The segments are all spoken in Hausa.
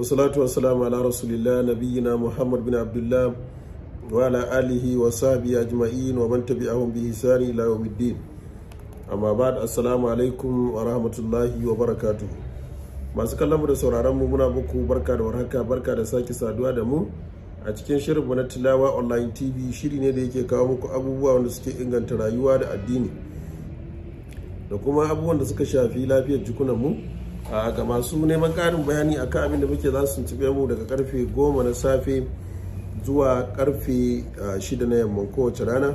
wasalatu wasalamu ala rasulillah nabiyina muhammad bin abdullah wa ala alihi wa sahbihi ajma'in wa man tabi'ahum bi ihsani ila yawmiddin amma ba'd assalamu alaikum wa rahmatullahi wa barakatu. masu kallon mu da sauraron mu muna muku barka da warhaka barka da sake saduwa da mu a cikin shirin mu na tilawa online tv shiri ne da yake kawo muku abubuwa wanda suke inganta rayuwa da addini da kuma abubuwan da suka shafi lafiyar jikunan mu ga masu neman ƙarin bayani akan abin da muke za su tuɓe mu daga karfe goma na safe zuwa karfe 6 na yamman kowace rana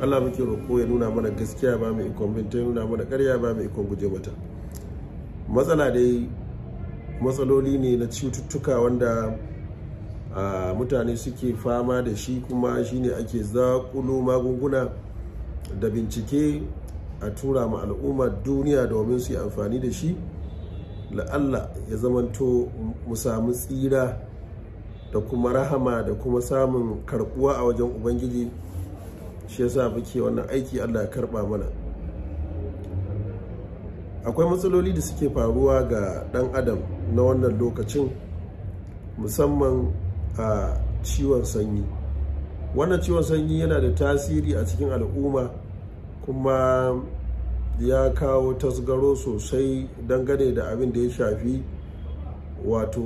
allah muke roƙo ya nuna mana gaskiya ba mai ikon binta nuna mana karya ba mai ikon guje mata matsala dai matsaloli ne na cututtuka wanda mutane suke fama da shi kuma shine ake zaƙulo magunguna da bincike a tura ma al'ummar duniya domin su yi amfani da shi la'alla ya zamanto mu samu tsira da kuma rahama da kuma samun karbuwa a wajen ubangiji shi yasa muke wannan aiki allah ya karba mana akwai matsaloli da suke faruwa ga dan adam na wannan lokacin musamman a ciwon sanyi wannan ciwon sanyi yana da tasiri a cikin al'umma kuma ya kawo tasgaro sosai dangane da abin da ya shafi wato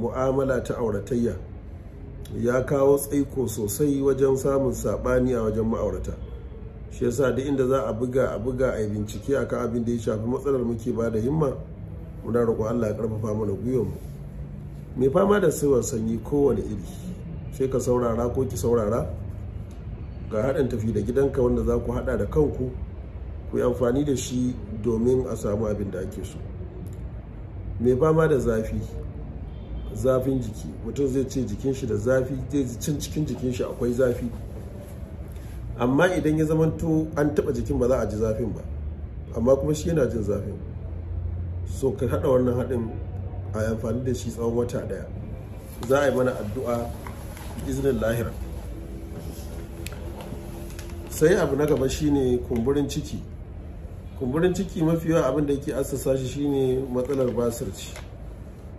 mu'amala ta auratayya ya kawo tsaiko sosai wajen samun saɓani a wajen ma'aurata shi yasa duk inda za a buga a buga a bincike akan abin da ya shafi matsalar muke ba da himma muna roƙon Allah ya karfafa mana mu mai fama da siwar sanyi kowane iri sai ka saurara ko ki saurara ga haɗin tafi da gidanka wanda za ku haɗa da kanku ku yi amfani da shi domin a samu abin da ake so mai fama da zafi zafin jiki mutum zai ce jikin shi da zafi zai cin cikin jikin shi akwai zafi amma idan ya zama zamanto an taba jikin ba za a ji zafin ba amma kuma shi yana jin zafin so ka hada wannan haɗin a amfani da shi tsawon wata daya za a yi mana addu'a izinin lahira sai abu na gaba shine kumburin ciki kumburin ciki mafi yawa abin da yake assasa shi shine matsalar basir ce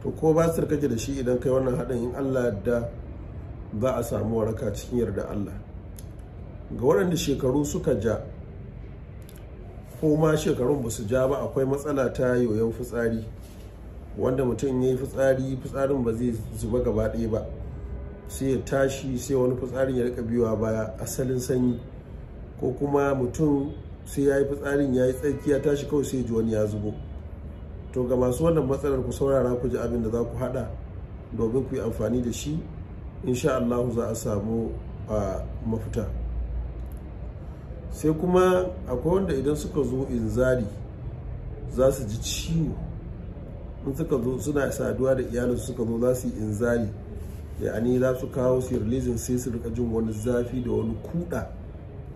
to ko basir kake da shi idan kai wannan haɗin in Allah da za a samu waraka cikin yarda Allah ga waɗanda shekaru suka ja ko ma shekarun ba su ja ba akwai matsala ta yoyon fitsari wanda mutum ya yi fitsari fitsarin ba zai zuba gaba ɗaya ba sai ya tashi sai wani fitsarin ya rika biyowa baya asalin sanyi ko kuma mutum sai ya yi fitsarin ya yi tsarki ya tashi kawai sai ji wani ya zubo to ga masu wannan matsalar ku saurara ku ji abin da za ku haɗa domin ku yi amfani da shi insha Allah za a samu a mafita sai kuma akwai wanda idan suka zo inzari za su ji ciwo in suka zo suna saduwa da iyalinsu suka zo za su yi inzari yani za su kawo su releasing sai su rika jin wani zafi da wani kuɗa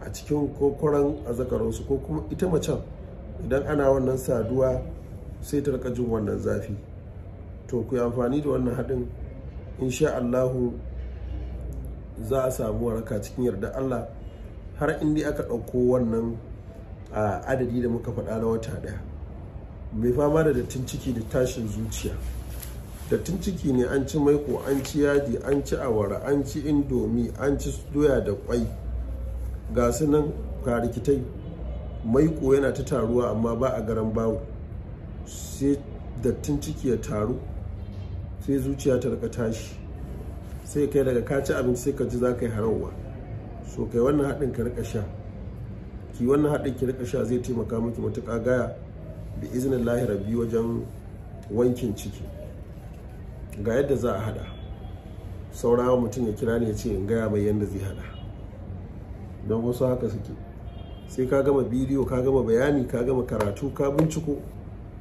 a cikin kokoran azakaransu ko kuma ita macen idan ana wannan saduwa sai ta rika jin wannan zafi to ku yi amfani da wannan haɗin insha Allahu za a samu waraka cikin yarda Allah har inda aka ɗauko wannan adadi da muka faɗa na wata ɗaya mai fama da dattin ciki da tashin zuciya dattin ciki ne an ci maiko an ci yaji an ci awara an ci indomi an ci doya da kwai ga su nan rikitai maiko yana ta taruwa amma ba a garan bawo sai dattin ciki ya taru sai zuciya ta rika tashi sai kai daga kaci abinci sai ka ji za ka yi harawa so kai wannan haɗin ka rika sha ki wannan haɗin ki rika sha zai taimaka miki matuƙa gaya bi izinin lahira biyu wajen wankin ciki ga yadda za a haɗa saurawa mutum ya kira ne ya ce in gaya mai yadda zai haɗa don wasu haka suke sai ka gama bidiyo ka gama bayani ka gama karatu ka binciko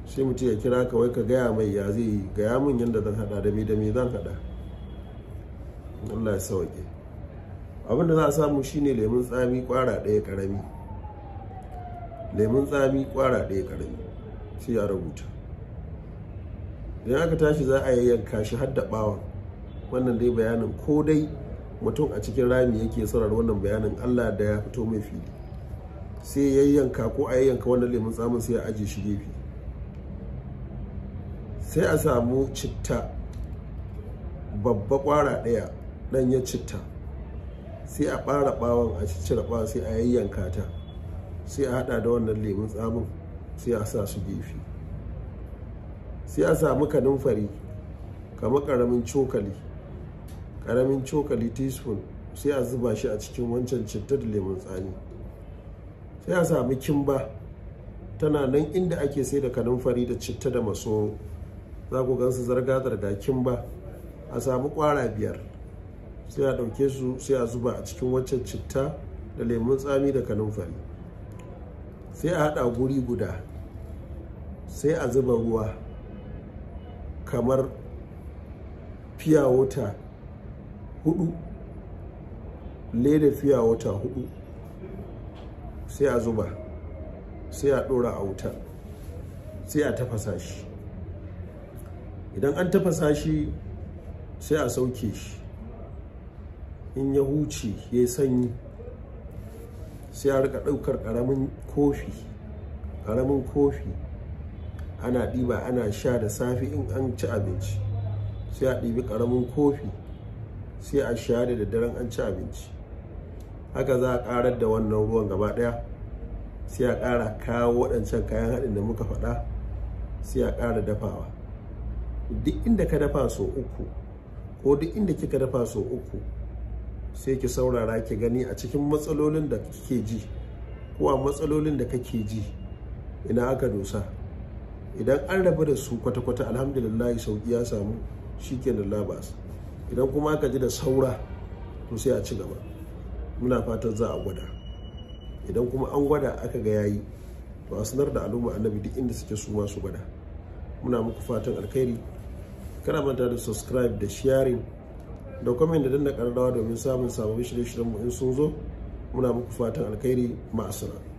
sai mutum ya kira ka wai ka gaya mai ya zai yi gaya min yadda zan hada da me da me zan hada Allah ya sauke abin da za a samu shine lemun tsami kwara ɗaya karami lemun tsami kwara ɗaya karami sai ya rubuta idan aka tashi za a yayyanka shi har da bawan wannan dai bayanin ko dai mutum a cikin rami yake sarar wannan bayanin Allah da ya fito mai fili sai ya yanka ko a yanka wannan lemun tsamin sai ya aje shi gefe sai a samu citta babba kwara ɗaya ya citta sai a ɓara ɓawon a ciccire ɓawon sai a yayyanka ta sai a haɗa da wannan lemun tsamin sai a sa su gefe sai a samu kanumfari kamar ƙaramin cokali ƙaramin cokali teaspoon sai a zuba shi a cikin wancan citta da lemun tsami sai a sami kimba tana nan inda ake sai da kanunfari da citta da maso. za ku gansu zargazar da kimba a sami kwara biyar sai a ɗauke su sai a zuba a cikin wancan citta da lemun tsami da kanunfari. sai a haɗa guri guda sai a zuba ruwa kamar fiya wuta hudu fiya wata hudu sai a zuba sai a dora a wuta sai a tafasa shi idan an tafasa shi sai a sauke shi in ya huce ya sanyi sai a rika daukar karamin kofi karamin kofi ana ɗiba ana sha da safe in an ci abinci sai a ɗibi karamin kofi sai a share da daddaren an ci abinci haka za a karar da wannan ruwan gaba daya sai a kara kawo waɗancan kayan haɗin da muka faɗa sai a kara dafawa duk inda ka dafa so uku ko duk inda kika dafa so uku sai ki saurara ki gani a cikin matsalolin da kike ji ko a matsalolin da kake ji ina aka dosa idan an rabu da su kwata-kwata alhamdulillah sauki ya samu shi ke da idan kuma aka ji da saura to sai a ci gaba muna fatan za a gwada idan kuma an gwada aka ga yayi to a sanar da al'umma annabi duk inda suke su masu gwada muna muku fatan alkhairi kana manta da subscribe da sharing da comment da danna karrawa domin samun sababbin shirye-shiryen mu in sun zo muna muku fatan alkhairi ma'asara